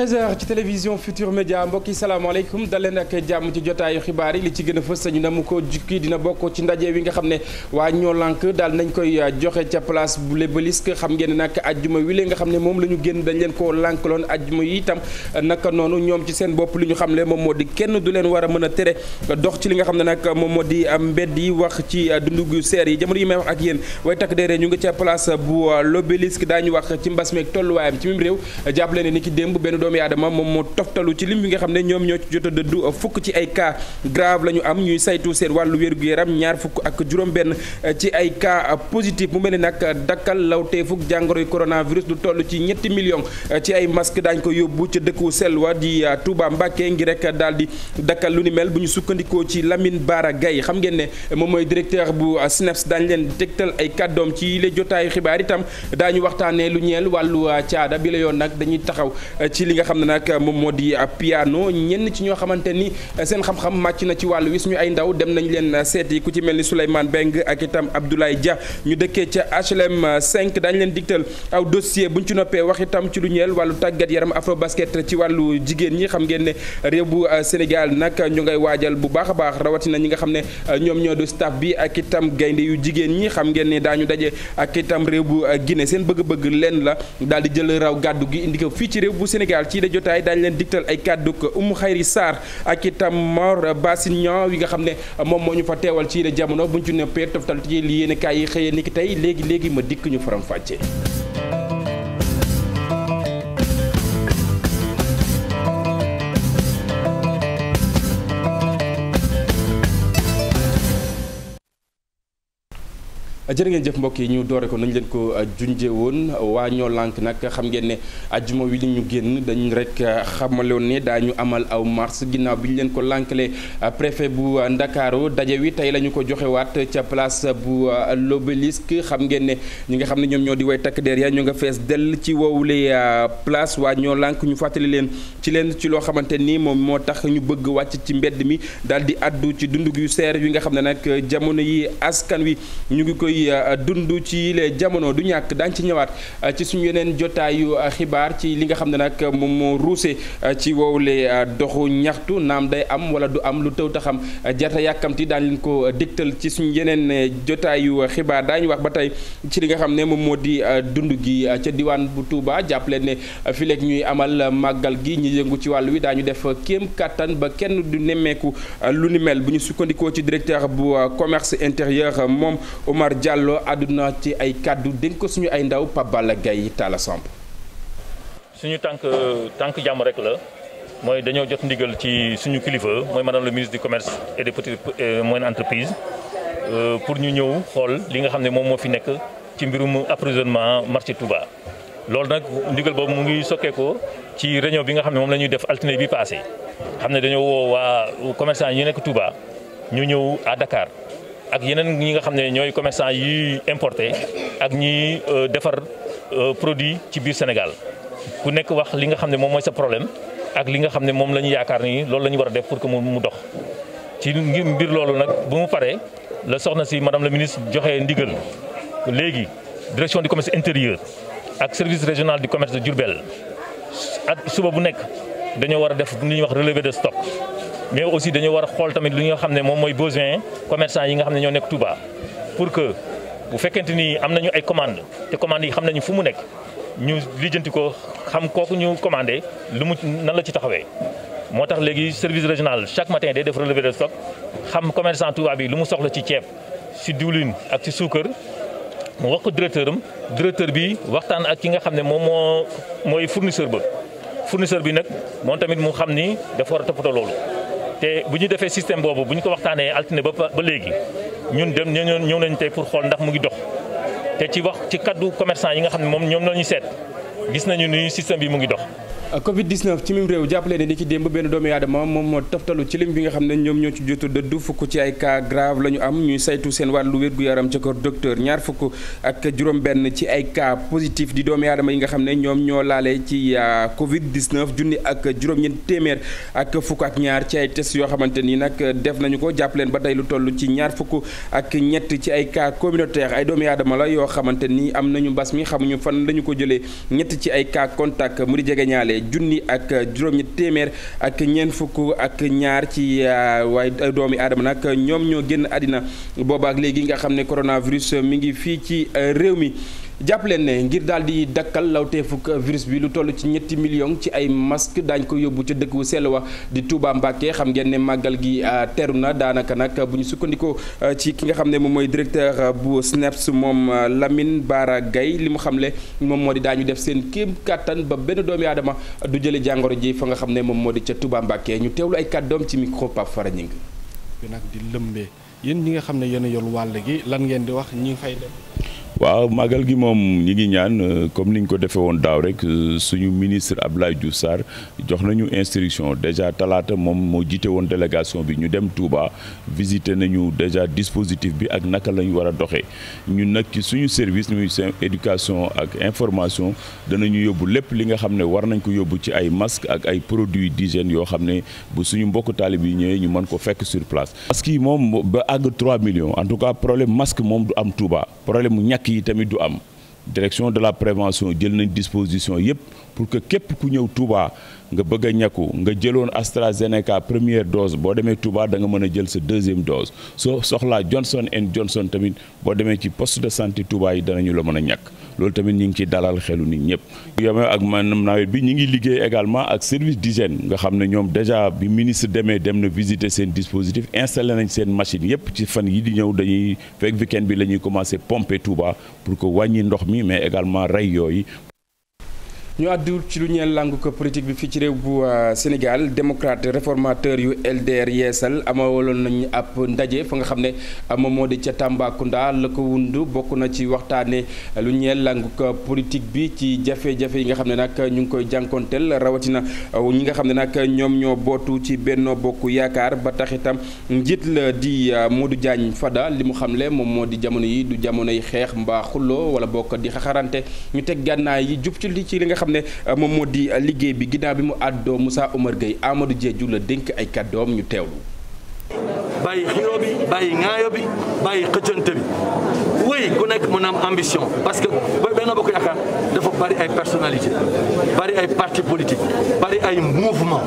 13h ci télévision Futur Média mbokk yi salaamaaleykum dal leen ak jàmm ci jotaayu xibaar yi li ci gën a fës sañu na mu ko jukki dina bokk ci ndaje wi nga xam ne waa ñoo lànk daal nañ koy euh, joxe ca place bu l'Obélisque xam ngeen nag ajjuma wi lee nga xam ne moom la ñu génn dañ leen ko koo lànkaloon ajjuma yi itam euh, naka noonu ñoom ci seen bopp li ñu xam ne moom moo di kenn du leen war mën a tere euh, dox ci li nga xam ne nag moom moo di mbedd yi wax ci dundu gu seer yi jamono yi may ak yéen way takk deere ñu ngi ca place bu l'Obélisque daañu wax ci mbas meeg tolluwaayam ci mim réew doomi aadama moom moo toftalu ci lim bi nga xam ne ñoom ñoo ci jot a dëddu uh, fukk ci ay cas grave lañu am ñuy saytu seen wàllu wér-gu-yaram ñaar fukk ak juróom-benn uh, ci ay cas uh, positif mu mel ni nag dakkal law lawtee fukk jàngoroy coronavirus lu toll ci ñetti million ci ay masque daañ ko yóbbu ca dëkku selwa di Touba Mbacké ngi rek daal di dakkal lu ni mel bu ñu sukkandikoo ci Lamine Bara Gaye xam ngeen ne moom mooy directeur bu SNEIPS daañ leen degtal ay kàddoom ci les jotaayu xibaar itam daañu waxtaanee lu ñeel wàllu caada bi la yoon nag dañuy nga xam ne nag moom moo di piano ñenn ci ñoo xamante ni seen xam-xam màcc na ci wàll wi suñu ay ndaw dem nañ leen seeti ku ci mel ni Souleymane Beng ak itam Abdoulaye Dia ñu dëkkee ca HLM 5 daañu leen digtal aw dossier buñ ci noppee wax itam ci lu ñeel wàllu tàggat yaram afro basket ci wàllu jigéen ñi xam ngeen ne réew bu euh, Sénégal nag ñu ngay waajal bu baax a baax rawatina ñi nga xam ne euh, ñoom ñoo du staff bi ak itam gaynde yu jigéen ñi xam ngeen ne daañu daje ak itam réew bu euh, Guinée seen bëgg leen la daal di jël raw gàddu gi indi ko ci réew bu Sénégal ci la jotaay dañu leen digtal ay kàddu Umu Xayri saar ak itam Mor Bassignon wi nga xam ne moom moo ñu fa teewal ci la jamono buñ ci noppee toftal ci li yéen kaay yi xëyee ki tey léegi léegi ma dikk ñu faram fàccee. jërë ngeen jëf mbokk yi ñu doore ko nañu leen ko euh, junje woon waa ñoo lànk nag xam ngeen ne ajuma wi li ñu génn dañu rek euh, xamaloon ne daañu amal aw mars ginnaaw bi ñu leen ko lànkalee euh, préfet bu ndakaaru daje wi tey la ñu ko waat ca place bu l'obélisque xam ngeen ne ñi nga xam ne ñoom ñoo di way takk der yaa ñu nga fees dell ci woowule place waa ñoo lànk ñu fàttali leen ci leen ci loo xamante nii moom moo tax ñu bëgg wàcc ci mbedd mi daal di addu ci dund gu seer yi nga xam ne nag jamono yi askan wi di euh, dund ci yile jamono du ñàkk daañ ci ñëwaat euh, ci suñu yeneen jotaayu euh, xibaar ci li nga xam ne nag moom moo ruuse ci wowle doxu ñaxtu naam day am wala du am lu tëw taxam jarta yàkkamti daañ leen ko dégtal ci suñu yeneen jotaayu xibaar daañu wax ba tey ci li nga xam ne moom moo di dund gi ca diwaan bu Touba jàpp leen ne fileeg ñuy amal màggal gi ñu yëngu ci wàll wi daañu def kéem kàttan ba kenn du nemmeeku lu ni mel bu ñu sukkandikoo ci directeur Diallo àdduna ci ay kàddu dénk suñu ay ndaw Pape Balla Gaye Talla Samb suñu tànk tànk jàmm rek la mooy dañoo jot ndigal ci suñu kilifa mooy madame le ministre du commerce et des petites et moyennes euh, pour ñu ñëw xool li nga xam ne moom moo fi nekk ci mbirum approvisionnement marché tubaa loolu nag ndigal boobu mu ngi sokkee ko ci réunion bi nga xam ne moom la ñuy def altine bi passé xam ne dañoo woo waa yi ñu nekk tubaa ñu ñëw à Dakar ak yeneen ñi nga xam ne ñooy commerçant yi importé ak ñiy euh, defar euh, produit ci biir Sénégal ku nekk wax li nga xam ne moom mooy sa problème ak li nga xam ne moom la ñu yaakaar ni loolu lañu ñu war a def pour que mu dox. ci ngir mbir loolu nag bu mu paree la soxna si madame la ministre joxe ndigal léegi direction du commerce intérieur ak service régional du commerce de Diourbel ak suba bu nekk dañoo war def li ñuy wax relevé de stock. mais aussi dañu war a xool tamit lu nga xam ne moom mooy besoin commerçant yi nga xam ne ñoo nekk Touba pour que bu fekkente ni am nañu ay commande te commande yi xam nañu fu mu nekk ñu lijjanti ko xam kooku ñu commandé lu mu nan la ci taxawee. moo tax léegi service régional chaque matin day def relevé de stock xam commerçant Touba bi lu mu soxla ci ceeb si diwlin ak si suukar mu wax ko directeur am directeur bi waxtaan ak ki nga xam ne moom moo mooy fournisseur ba fournisseur bi nag moom tamit mu xam ni dafa war a loolu. te bu ñu defee système boobu bu ñu ko waxtaanee altine ba ba léegi ñun dem ñëw nañu tey pour xool ndax mu ngi dox te ci wax ci kaddu commerçant yi nga xam ne moom ñoom la ñu seet gis nañu ni système bi mu ngi dox. Covid 19 ci mim réew jàppale ne ni ki démb benn doomu aadama moom moo toftalu ci lim bi nga xam ne ñoom ñoo ci jotu dëddu fukk ci ay cas grave lañu am ñuy saytu seen wàllu wér-gu-yaram ca kër docteur ñaar fukk ak juróom-benn ci ay kaa positif di doomu aadama yi nga xam ne ñoom ñoo laale ci euh, Covid 19 junni ak juróom-ñeent téeméer ak fukk ak ñaar ci ay test yoo xamante nii nag def nañu ko jàppaleen ba tey lu toll ci ñaar fukk ak ñett ci ay cas communautaire ay doomu la yoo xamante ni am nañu mbas mi xamuñu fan la ñu ko jëlee ñett ci ay cas contact mu di jege ñaale junni ak juróom-ñi téeméer ak ñeent fukk ak ñaar ci euh, waaye doomi aadama nag ñoom ñoo génn àddina booba boobaak léegi nga xam ne coronavirus mi ngi fii ci euh, réew mi jàpp ne ngir daal di dakkal fukk virus bi lu toll ci ñetti million ci ay masque daañ ko yóbbu ca dëkk bu sell wa di tubaa Mbacké xam ngeen ne màggal gi euh, teru na daanaka nag bu ñu sukkandikoo euh, ci ki nga xam ne moom mooy directeur bu SNEPS moom euh, Lamine Bara Gaye li mu xamle moom moo di daañu def seen kéem kàttan ba benn doomi aadama du jële jàngoro ji fa nga xam ne moom moo di ca Touba Mbacké ñu teewlu ay doom ci micro Pape Fara Gningue bi nag di lëmbee yéen ñi nga xam ne yéen a wàll gi lan ngeen di wax ñi fay waaw màggal gi moom ñi ngi ñaan euh, comme ni ñu ko defee woon daaw rek euh, suñu ministre Abdoulaye Diouf Sarr jox nañu instruction déjà talaata moom moo jiite woon délégation bi ñu dem Touba visiter nañu déjà dispositif bi ak naka la ñu war a doxee ñun nag ci suñu service muy seen éducation ak dana ñu yóbbu lépp li nga xam ne war nañ ko yóbbu ci ay masque ak ay produits d'hygiène yoo xam ne bu ñu mbokk taalib yi ñëwee ñu mën ko fekk sur place. masque yi moom ba àgg 3 en tout cas problème masque moom du am mu ñàkk kii tamit du am direction de la prévention jël nañ disposition yëpp pour que képp ku ñëw Touba nga bëgg a ñàkku nga jëloon AstraZeneca première dose boo demee tubaa da nga mën a jël sa deuxième dose soo soxlaa Johnson and Johnson tamit boo demee ci post de santé Touba yi danañu la mën a ñàkk loolu tamit ñu ngi ciy dalal xelu nit ñëpp. yemee ak man nawet bi ñu ngi liggéey également ak service di d'hygiène nga xam ne ñoom déjà bi ministre demee dem na visiter seen dispositif installé nañ seen machine yëpp ci fan yi di ñëw dañuy fekk weekend bi la ñuy commencer pomper Touba pour que wàññi ndox mi mais également rey yooyu. ñu àddu ci lu ñeel làngu ko politique bi fii ci réew bu euh, Sénégal démocrate réformateur yu LDR yeesal amawaloon nañu ab ndaje fa nga xam ne euh, moom moo di ca Tambacounda la ko wund bokk na ci waxtaane euh, lu ñeel làngu ko politique bi ci jafe-jafe yi nga xam ne nag ñu ngi koy jànkonteel rawatina ñi nga xam ne nag ñoom ñoo bootu ci Benno Bokk Yaakaar ba tax itam njiit la di Modou Diagne Fada li mu xam xamle moom moo di jamono yi du jamono yi xeex mbaa xulloo wala bokk di xam ne euh, moom moo di euh, liggéey bi ginnaaw bi mu àddoo Moussa Omar Gueye Amadou Diedhiou la dénk ay kàddoom ñu teewlu. bàyyi xiroo bi bàyyi ŋaayo bi bàyyi xëccante bi oui ku nekk mën am ambition parce que Benno Bokk Yaakaar dafa bari ay personnalité bari ay parti politique bari ay mouvement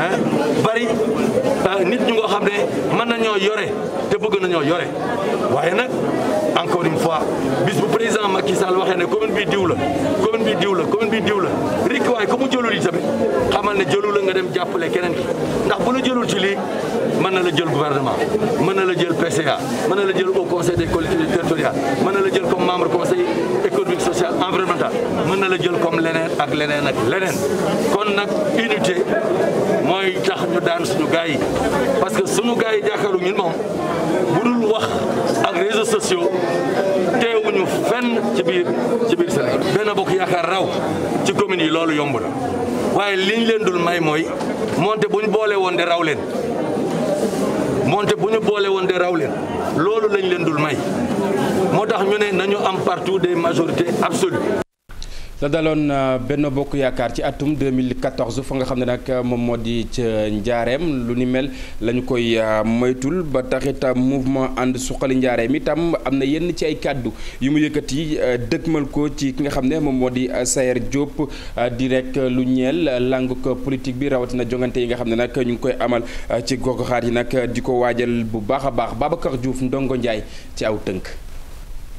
ah bari euh, nit ñu nga xam ne mën nañoo yore te bëgg nañoo yore waaye nag encore une fois bu président Macky Sall waxee ne commune bi diw la. commune bi diw la commune bi diw la rikki waaye ku mu jëlul yi tamit xamal ne jëlul la nga dem jàppale keneen ki ndax bu la jëlul ci lii mën na la jël gouvernement mën na la jël PCA mën na la jël o conseil des collectivités territoriales mën na la jël comme membre conseil économique social environnemental mën na la jël comme leneen ak leneen ak leneen kon nag unité mooy tax ñu daan suñu gars yi parce que suñu gars yi jàkkaaru ñun moom budul wax ak réseaux sociaux teewuñu fenn ci biir ci biir Sénégal benn bokk yaakaar raw ci communes yi loolu yombu na waaye liñ leen dul may mooy moonte bu ñu boole woon de raw leen moonte bu ñu boole woon de raw leen loolu lañ leen dul may moo tax ñu ne nañu am partout des majorités absolues la daloon euh, benn bokk yaakaar ci atum 2014 fa nga xam ne nag moom moo di ca njaareem lu ni mel la ñu koy euh, moytul ba tax itam euh, mouvement ànd suqali njaareem itam am na yenn ci ay kàddu yu mu yëkkati dëgmal ko ci ki nga xam ne moom moo di Sayer Diop di rek lu ñeel langue politique bi rawatina jongante yi nga xam ne nag ñu ngi koy amal ci gox goxaat yi nag di ko waajal bu baax a baax Babacar Diouf Ndongo Ndiaye ci aw tënk.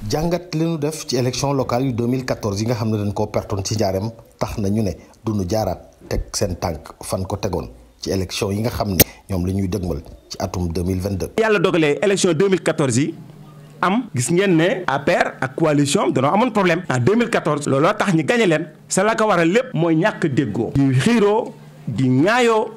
jàngat li nu def ci élection locale yu 2014 yi nga xam ne dañ ko pertoon ci njaareem tax na ne du nu jaaraat teg seen tànk fan ko tegoon ci élection yi nga xam ne ñoom la ñuy dëgmal ci atum 2022. yàlla dogalee élection 2014 yi. am gis ngeen ne APR ak coalition danoo amoon problème en 2014 looloo tax ñu gañe leen sa la ko waral lépp mooy ñàkk déggoo di xiiroo di ñaayoo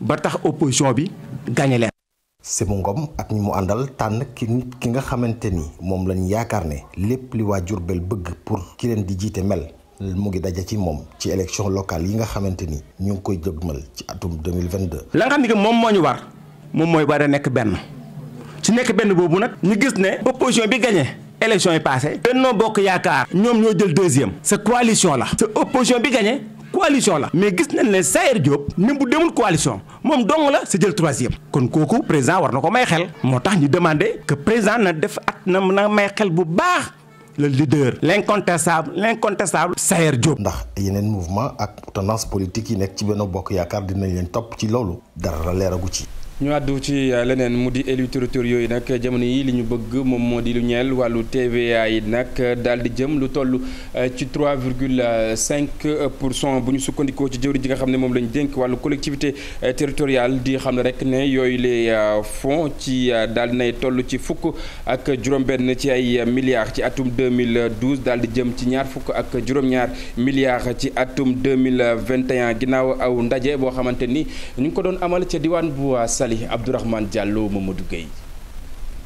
ba tax opposition bi gañe leen Sémou Ngom ak ñi mu àndal tànn ki nit ki nga xamante ni moom lañ yaakaar ne lépp li waa jur Diourbel bëgg pour ki leen di jiite mel mu ngi daje ci moom ci élection locale yi nga xamante ni ñu ngi koy jëgmal ci atum 2022. la nga xam ne moom moo ñu war moom mooy war a nekk benn ci nekk benn boobu nag ñu gis ne opposition bi gagné élection yi passé Benno Bokk Yaakaar ñoom ñoo jël deuxième sa coalition la sa opposition bi gagné coalition la mais gis nañ ne Sayer Diop même bu demul coalition moom dong la sa jël troisième kon kooku président war na ko may xel moo tax ñu demandé que président na def at na a may xel bu baax le leader l'incontestable l'incontestable Sayer Diop ndax yeneen mouvement ak tendance politique yi nekk ci benn bokk yaakaar dinañ leen topp ci loolu dara la leeragu ci ñu àddu ci euh, leneen mu di élu territoire yooyu nag jamono yi li ñu bëgg moom moo di lu ñeel wàllu TVA yi nag daal di jëm lu toll euh, ci 3 virgule 5 euh, pour cent bu ñu sukkandikoo ci jëwriñ ji nga xam ne moom lañu dénk wàllu collectivité territoriale di xam ne rek ne yooyu les fonds ci daal di nay toll ci fukk ak juróom-benn ci ay milliards ci atum 2012 daal di jëm ci ñaar fukk ak juróom-ñaar ci atum 2021 ginnaaw aw ndaje boo xamante ni ñu ngi ko doon amal ca diwaan bu Saly Italie Abdourahmane Diallo Mamadou Gueye.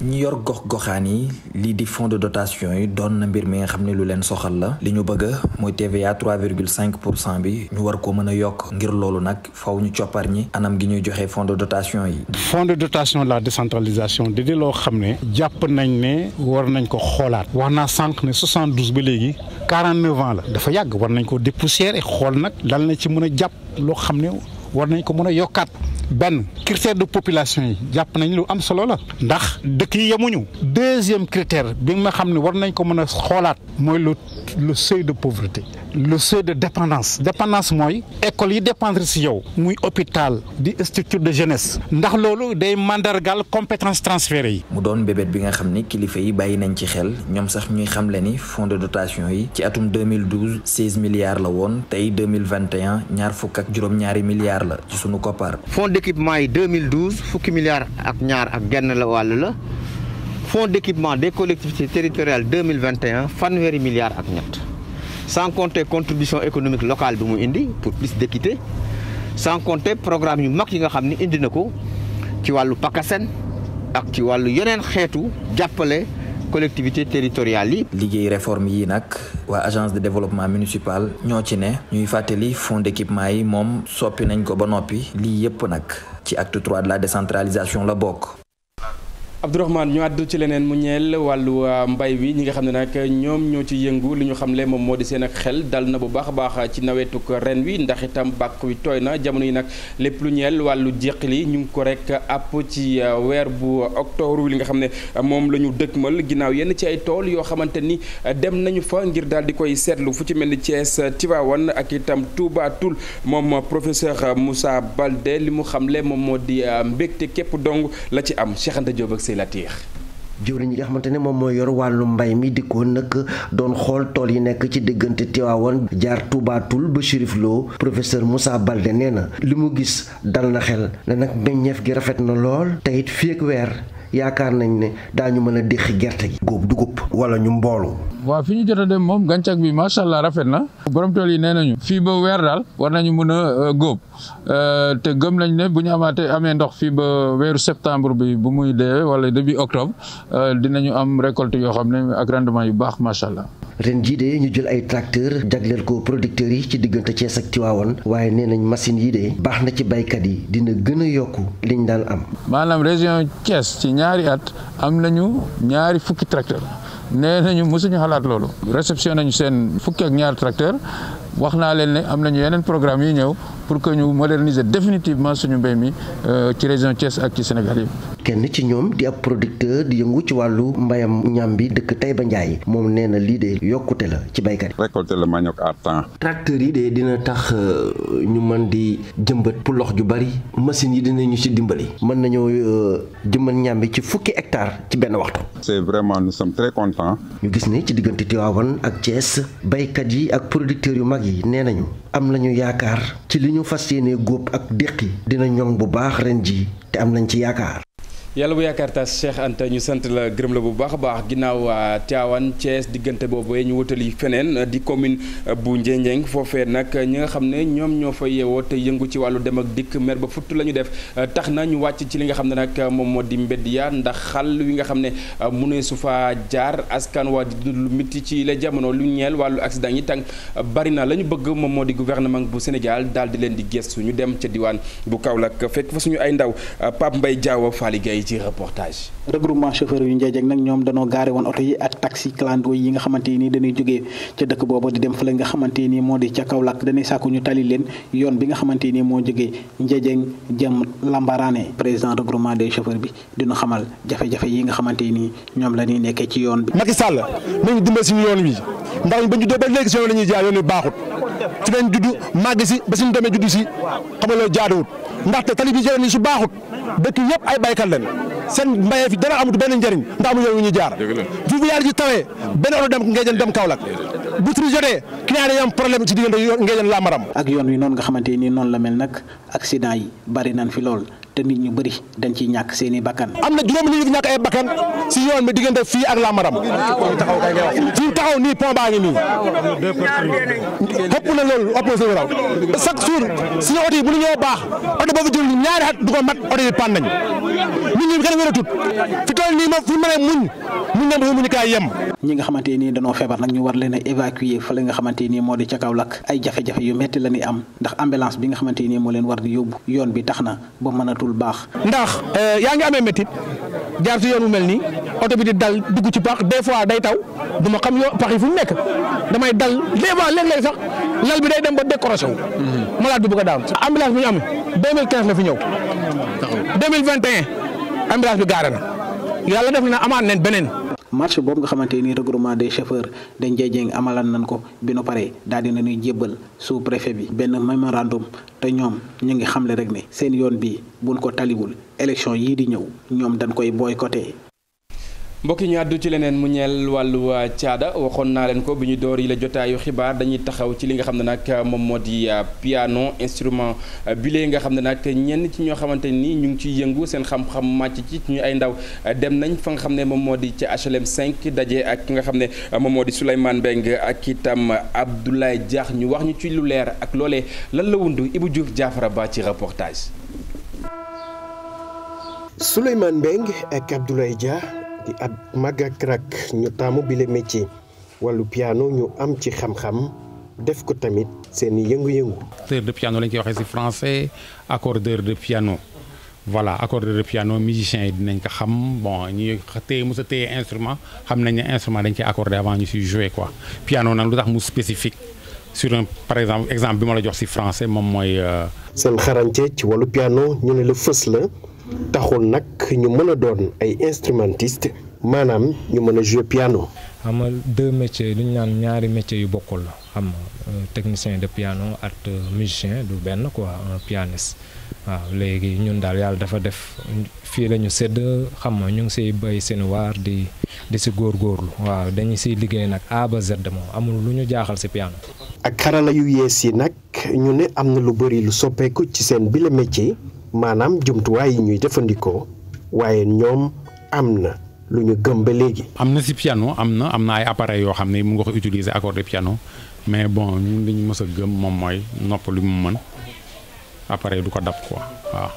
ñi yor gox-goxaan yi lii di fonds de dotation yi doon na mbir mi nga xam ne lu leen soxal la li ñu bëgg mooy TVA 3,5 pour cent bi ñu war ko mën a yokk ngir loolu nag faw ñu coppar ñi anam gi ñuy joxe fonds de dotation yi. fonds de dotation la décentralisation di loo xam ne. jàpp nañ ne war nañ ko xoolaat. wax naa sànq ne 72 ba léegi 49 ans la. dafa yàgg war nañ ko dépoussiérer xool nag dal na ci mën a jàpp loo xam ne war nañ ko mën a yokkaat. benn critère de population yi jàpp nañ lu am solo la ndax dëkk yi yemuñu deuxième critère bi nga xam ne war nañ ko mën a xoolaat mooy lu le seuil de pauvreté le seuil de dépendance dépendance mooy école yi dépendre si yow muy hôpital di structure de jeunesse ndax loolu day mandargal compétence transférée yi. mu doon bébét bi nga xam ni kilifa yi bàyyi nañ ci xel ñoom sax ñuy xamle ni fonds de dotation yi ci atum 2012 16 milliards la woon tey 2021 ñaar fukk ak juróom-ñaari milliards la ci sunu koppar. fonds d'équipement yi 2012 fukki milliards ak ñaar ak genn la wàll la. fonds d'équipement des collectivités territoriales 2021 fanweeri milliards ak ñett sans compter contribution économique locale bi mu indi pour plus d'équité sans compter programme yu mag yi nga xam ni indi na ko ci wàllu PACASEN ak ci wàllu yeneen xeetu jàppale collectivité territoriale yi. liggéey réforme yi nag waa agence de développement municipal ñoo ci ne ñuy fàttali fonds d'équipement yi moom soppi nañ ko ba noppi lii yépp nag ci acte 3 de la décentralisation la bokk. Abdourahmane ñu àddu ci leneen mu ñeel wàllu euh, mbay bi ñi nga xam ne nag ñoom ñoo ci yëngu li ñu xam le moom moo di seen ak xel dal na bu baax baax ci nawetuk ren wi ndax itam bàq wi tooy na jamono yi nag lépp lu ñeel wàllu jeqli ñu ngi ko rek àpp ci euh, weer bu octobre li nga xam ne moom lañu ñu dëkkmal ginnaaw yenn ci ay tool yoo xamante ni euh, dem nañu fa ngir daal di koy seetlu fu ci mel ni Thiès Tivaouane ak itam Touba Toul moom professeur Moussa Baldé li mu xam le moom moo di mbégte képp dong la ci am Cheikh Anta Latir jëwriñ nga xamante ne moom mooy yor wàllu mbay mi di dikkoon nag doon xool tool yi nekk ci diggante Tiwaawan jaar Tuubaatul ba Chérif Lo professeur Balde nee na li mu gis dal na xel ne nag meññeef gi rafet na lool te fii ak weer yaakaar nañ ne daañu mën a déqi gerte gi góob dugub wala ñu mboolu waaw fi ñu jot a dem moom gàncax bi macha allah rafet na borom tool yi nee nañu fii ba weer daal war nañu mën a euh, góob euh, te gëm nañ ne bu ñu amaatee amee ndox fii ba weeru septembre bi bu muy deewee wala début octobre euh, dinañu am récolte yoo xam ne ak rendement yu baax macha allah. ren jii de ñu jël ay tracteurs jagleel ko producteurs yi ci diggante Thiès ak Tivaouane waaye nee nañ machines yi de baax na ci yi dina gën a yokk liñ daan am. ñaari at am nañu ñaari fukki tracteur nee nañu mosuñu xalaat loolu réception nañu seen fukki ak ñaari tracteur wax naa leen ne am nañu yeneen programme yi ñëw pour que ñu moderniser définitivement suñu mbéy mi euh, ci région Thiès ak ci Sénégal yi. kenn ci ñoom di ab producteur di yëngu ci wàllu mbayam ñam bi dëkk tey Taïba Ndiaye moom nee na lii de yokkute la ci béykat yi. récolter le manioc à temps. tracteurs yi de dina tax euh, ñu mën di jëmbat pulox ju bari machines yi ñu ci dimbali. mën nañoo euh, jëmbat ñam bi ci fukki hectare ci benn waxtu. c'est vraiment nous sommes très contents. ñu gis ne ci diggante Tivaouane ak Thiès béykat yi ak producteurs yu mag nee nañu am nañu yaakaar ci li ñu fas yéene góob ak déqi dina ñoŋ bu baax ren ji te am nañ ci yaakaar yàlla bu yaakaar taas Cheikh ñu sant la gërëm la bu baax a baax ginnaaw Tivaouane Thiès diggante boobu ñu wutali feneen uh, di commune uh, bu Ndiéndiène foofee nag uh, ñi nga xam ne ñoom ñoo fa yeewoo te yëngu ci wàllu dem ak dikk mer ba futt la ñu def tax na ñu wàcc ci li nga xam ne nag moom moo di mbedd ya ndax xal wi nga xam ne mu ne su fa jaar askan waa di lu miti ci la jamono lu ñeel wàllu accident yi tàng bari na la ñu bëgg moom moo di gouvernement bu Sénégal daal di leen di gëstu ñu dem ca diwaan bu Kaolack fekk fa ay ndaw Pape Mbaye Diaw Faly Gueye ci reportage. regroupement chauffeur yu Njeejeg nag ñoom danoo gaare woon oto yi ak taxi clando yi nga xamante ni dañuy jógee ca dëkk booba di dem fële nga xamante ni moo jógee Njeejeg jëm Lambarane président regroupement des chauffeurs bi dina xamal jafe-jafe yi nga xamante ni ñoom la nekkee ci yoon bi. Macky Sall nañu dimbal suñu yoon wi ndax ba juddoo ba léegi si yoon jaar yoon wi baaxut ci lañ judd màgg si su baaxut dëkk yëpp ay baykat lañ seen mbayee fi dara amut benn njëriñ ndax amu yoon wu ñu jaar fu bu yaar ji tawee benn oto dem ngeejeen dem Kaolack bu tri jotee client dañu am problème ci diggante ngeejeen làmbaram ak yoon wi noonu nga xamante nii noonu la mel nag accident yi bari nañ fi lool te nit ñu bëri dañ ciy ñàkk seen i bakkan. am na juróomi nit ñu ñàkk ay bakkan si yoon bi diggante fii ak Lamaram fii taxaw nii pont baa ngi nii ëpp na loolu ëpp na seen raw chaque jour suñu oto yi bu ñu ñëw baax oto boobu jël ñaari at du ko mat oto yi pan nañu nit ñi kenn wératut fi toll nii moom fu ñu mënee muñ muñ ne muñ kaay yem. ñi nga xamante nii dañoo feebar nag ñu war leen a évacuer fa la nga xamante nii moo di ca Kaolack ay jafe-jafe yu metti la ñuy am ndax ambulance bi nga xamante nii moo leen war di yóbbu yoon bi tax na ba mënatul baax ndax euh, yaa ngi amee métit jaar ci yoon bu mel nii oto bi di dal dugg ci pax des fois day taw du ma xam yoo pax yi fu mu nekk damay dal des fois léeg sax lal bi day dem ba décoration wu mhm. malade bi bëgg a daanu ambulance bi ñu am 2015 la fi ñëw 2021 ambulance bi gaare na yàlla def na amaat neen beneen marche boobu nga xamante ni regroupement des chauffeurs de Ndiaye Dieng amalan nañ ko bi nu paree daal di jébbal sous préfet bi benn mémorandum te ñoom ñu ngi xamle rek ne seen yoon bi buñ ko taliwul élection yii di ñëw ñoom dañ koy booy boycotté. mbokk yi ñu àddu ci leneen mu ñeel wàllu uh, caada waxoon naa leen ko bi ñu door yi la jotaayu xibaar dañuy taxaw ci li nga xam ne nag uh, moom moo di uh, piano instrument bile nga xam ne nag ñenn ci ñoo xamante ni ñu ngi ciy yëngu seen xam-xam màcc ci ñu ay ndaw dem nañ fa nga xam ne moom moo di ca HLM 5 daje ak ki nga xam ne moom moo di Souleymane Mbengue ak itam Abdoulaye jaax ñu wax ñu ci lu leer ak loole lan la wundu Ibou Diouf jaafara Ba ci reportage. Souleymane Mbengue ak Abdoulaye Diakh. di at mag ak rak ñu taamu bile métier wàllu piano ñu am ci xam-xam def ko tamit seen yëngu-yëngu. acteur de piano lañ koy waxee ci français accordeur de piano. voilà accordeur de piano musicien yi dinañ ko xam bon ñuy téye mos a téye instrument xam nañ ne instrument dañ koy accordé avant ñu siy jouer quoi piano nag lu tax mu spécifique sur un par exemple exemple bi ma la jox ci français moom mooy. Euh, seen xarañte ci wàllu piano ñu ne la fës la. taxul nag ñu mën a doon ay instrumentiste maanaam ñu mën a jouer piano. xam nga deux métiers lu ñu naan ñaari métiers yu bokkul la xam nga euh, technicien de piano ak euh, musicien du benn quoi un pianiste waaw léegi ñun daal yàlla dafa def fii lañu sedd xam ma ñu ngi siy bay seen waar di di si góorgóorlu waaw dañu siy liggéey nag A ba moom amul lu ñu jaaxal si piano. ak xarala yu yees yi nag ñu ne am na lu bëri lu soppeeku ci seen bile métier. maanaam jumtuwaay yi ñuy jëfandikoo waaye ñoom am na lu ñu gëm ba léegi. am na si piano am na am na ay appareils yoo xam ne mu nga ko utiliser accordé piano mais bon ñun lu ñu mës gëm moom mooy nopp lu mu mën appareil du ko dab ko waaw.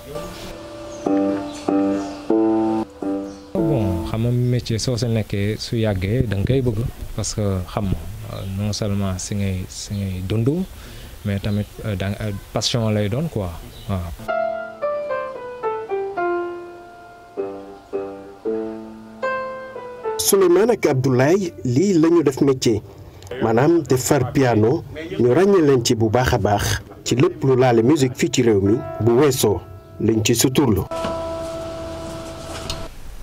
bon xam nga métier soo si nekkee su yàggee da nga koy bëgg parce que xam euh, non seulement si ngay si ngay dund mais tamit euh, da euh, passion lay doon quoi waaw. Souleymane ak Abdoulaye lii la ñu def métier maanaam defar piano ñu ràññee leen ci bu baax a baax ci lépp lu laale musique fii ci réew mi bu weesoo lañ ci suturlu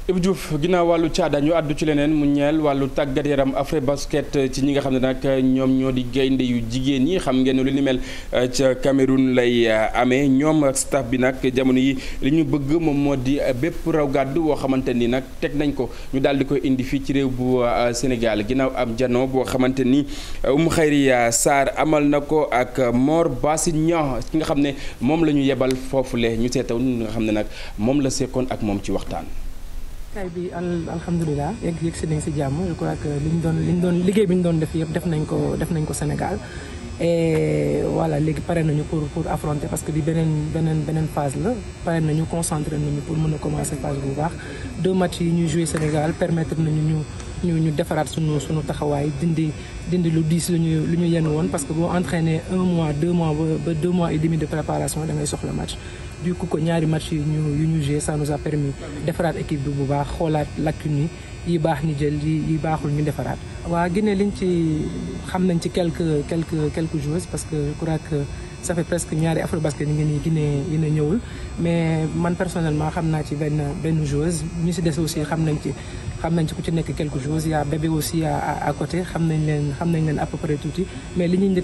Ibou Diouf ginnaaw wàllu caada ñu àddu ci leneen mu ñeel wàllu tàggat yaram afro basket eh, ci ñi nga xam ne nag eh, ñoom ñoo di gaynde yu jigéen ñi xam ngeen lu ni mel eh, ca Cameroun lay amee ñoom ak bi nag jamono yi li ñu bëgg moom moo di bépp raw gàddu woo xamante ni nag teg nañ ko ñu daal di koy indi fii ci réew bu Sénégal ginnaaw am jano boo xamante ni Oumou Khayri Sarr amal na ko ak Mor Bassi ña ki nga xam ne moom la ñu yebal le ñu seetoon nga xam ne nag moom la sekoon ak moom ci waxtaan. tey bi alhamdulilah yegg yegg si nañ si jàmm je crois que liñ doon liñ doon liggéey bi ñu doon def yëpp def nañ ko def nañ ko Sénégal et wala léegi pare nañu pour pour affronter parce que bi beneen beneen beneen phase la pare nañu concentré nañu pour mun a commencer phase bu baax deux matchs yi ñuy joué Sénégal permettre nañu ñu ñu ñu defaraat suñu suñu taxawaay dindi dindi lu diis lu ñu lu ñu yenn woon parce que boo entraîné un mois deux mois ba ba deux mois et demi de préparation da ngay soxla match vu que ñaari match yu ñu yu ñu joué nous a permis defaraat équipe bi bu baax xoolaat lacune yi baax ñu jël yi baaxul ñu defaraat. waa Guinée liñ ci xam nañ ci quelques quelques quelques joueurs parce que je crois que ça fait presque ñaari Afrobasket ñu ngi nii Guinée Guinée ñëwul mais man personnellement xam naa ci benn benn joueuse ñu si des aussi xam nañ ci. xam nañ ci ku ci nekk quelques jours y'a bébé aussi à à côté xam nañ leen xam nañ leen à tuuti mais li ñuy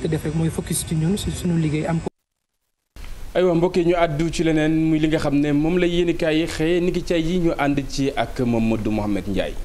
aywa mbokk yi ñu àddu ci leneen muy li nga xam ne moom la yéenekaay yi xëye ni ki cay yi ñu ànd ci ak moom Mamadou Mouhamed Ndiaye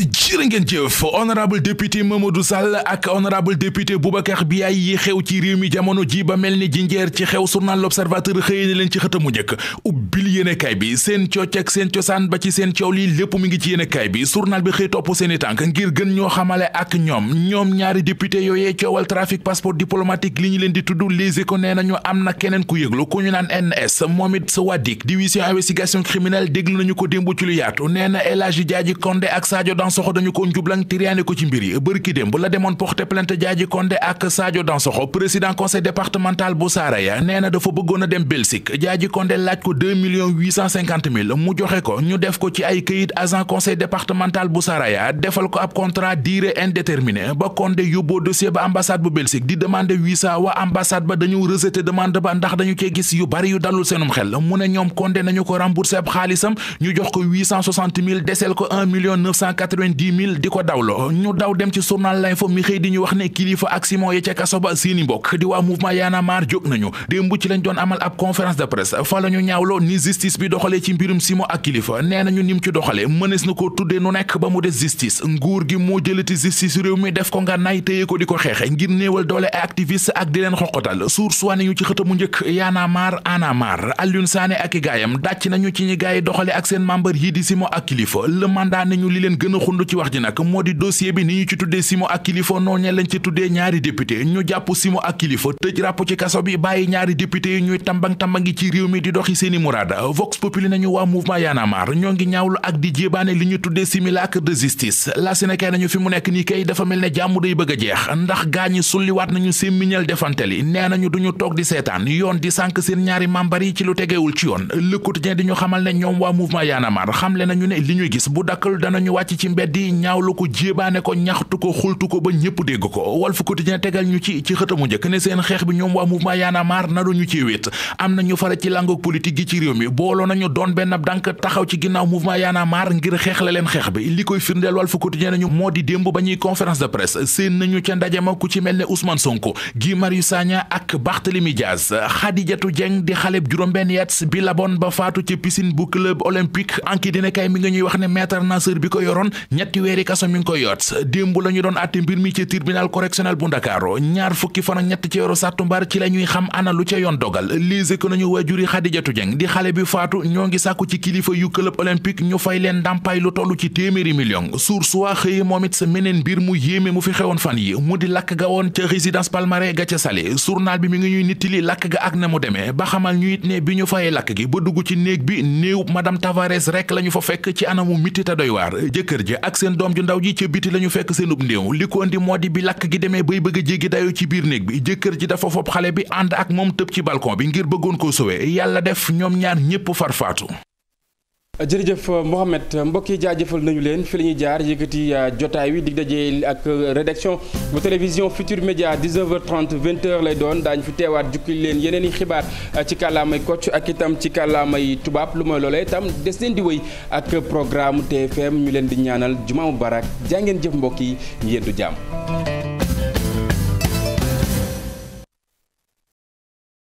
jërë ngeen jëf honorable député Mamadou Sall ak honorable député Boubacar Biaye yi xew ci réew mi jamono ji ba mel ni jinjeer ci xew journal l'Observateur xëy na leen ci xëtamu njëkk ubbil yéenekaay bi seen cooc ak seen cosaan ba ci seen coow lii lépp mu ngi ci yéenekaay bi journal bi xëy topp seeni tànk ngir gën ñoo xamale ak ñoom ñoom ñaari député yooyee coowal trafic passeport diplomatique li ñu leen di tudd Les Échos nee nañu am na keneen ku ñu naan NS moom it Sawadik division investigation criminelle déglu nañu ko démb ci lu yaatu nee na El Hadji Diadji Condé ak Dansokho dañu ko njublang tiriyaane ko ci mbir yi bërki démb la demoon porter plainte Diadji Condé ak Sadio Dansokho président conseil départemental bu Saraya nee na dafa bëggoon dem Belgique Diadji Condé laaj ko 2 mu joxe ko ñu def ko ci ay këyit agent conseil départemental bu Saraya defal ko ab contrat durée indéterminée ba Condé yóbboo dossier ba ambassade bu Belgique di demander visa wa ambassade ba dañu rejeté demande ba ndax dañu cee gis yu bari yu dalul seenum quatre-vingt-dix mille di ko dawlo ñu daw dem ci journal l'info mi xëy di ñu wax ne kilifa ak simon yi ca kaso ba seeni mbokk di waa mouvement Y en jóg nañu démb ci lañ doon amal ab conférence de presse fa la ñu ñaawloo ni justice bi doxalee ci mbirum simon ak kilifa nee nañu nim ci doxale mënees na ko tuddee nu nekk ba mu des justice nguur gi moo jëlati justice réew mi def ko nga nay téye ko di ko xeexe ngir néewal doole ak di ak di leen gën a xundu ci wax ji nag moo di dossier bi ni ñu ci tuddee Simo ak Kilifeu noo ñe lañ ci tuddee ñaari député ñu jàpp Simo ak Kilifeu tëj ràpp ci kaso bi bàyyi ñaari député yi ñuy tambang-tambangi ci réew mi di doxi seeni muraada Vox Populi nañu waa mouvement Y en a marre ñoo ngi ñaawlu ak di jéebaane li ñu tuddee simulacre de justice la Sénégal nañu fi mu nekk nii kay dafa mel ne jàmm day bëgg a jeex ndax gaañi sulliwaat nañu sémmiñal defanteli nee nañu duñu toog di seetaan yoon di sànk seen ñaari membar yi ci lu tegewul ci yoon Le di ñu xamal ne ñoom waa mouvement Y en a marre xamle nañu gis ci mbedd yi ñaawlu ko jéebaane ko ñaxtu ko xultu ko ba ñëpp dégg ko Walf Quotidien tegal ñu ci ci xëtamu njëkk ne seen xeex bi ñoom waa mouvement Y en a marre naru ñu ci wéet am na ñu fara ci langoog politique gi ci réew mi booloo nañu doon benn dànk taxaw ci ginnaaw mouvement Y en a marre ngir xeex leen xeex bi li koy firndeel Walf Quotidien nañu moo di démb ba ñuy conférence de presse seen nañu ca ndaje ma ku ci mel ne Ousmane Sonko Guy Marius Sagna ak yoroon ñetti weeri kaso mi ngi koy yot démb la ñu doon àtte mbir mi ci tribunal correctionnel bu Ndakaaru ñaar fukki fan ak ñett ci weeru sàttumbar ci la ñuy xam ana lu ca yoon dogal lise ko nañu waajuri Xadijatu Jeng di xale bi faatu ñoo ngi sàkku ci kilifa yu club olympique ñu fay leen ndàmpaay lu toll ci téeméeri million suur suwa xëye moom sa meneen mbir mu yéeme mu fi xewoon fan yi mu di lakk ga woon ca résidence Palmarin ga ca Saly journal bi mi ngi ñuy nittali lakk ga ak na mu demee ba xamal ñu it ba dugg ci néeg bi néew madame Tavares rek la ñu fa fekk ci anamu miti ta doy waar jëkkër jëkkër ak seen doom ju ndaw ji ca biti la ñu fekk seenub néew li ko indi moo di bi lakk gi demee bay bëgg a jéggi dayo ci biir néeg bi jëkkër ji dafa fopp xale bi ànd ak moom tëb ci balcon bi ngir bëggoon koo sowe yàlla def ñoom ñaar ñépp farfaatu jërëjëf euh, Mohamed mbokk yi jaajëfal nañu leen fi la ñuy jaar yëkkati euh, jotaay wi dig daje ak euh, rédaction bu télévision Futur Média 19h30 20h lay doon daañ fi teewaat jukki leen yeneen i xibaar ci kàllaamay kocc ak itam ci kàllaamay tubaab lu mooy loolee itam des leen di wéy ak programme TFM ñu leen di ñaanal juma mubarak jaa ngeen jëf mbokk yi ñu yendu jàmm.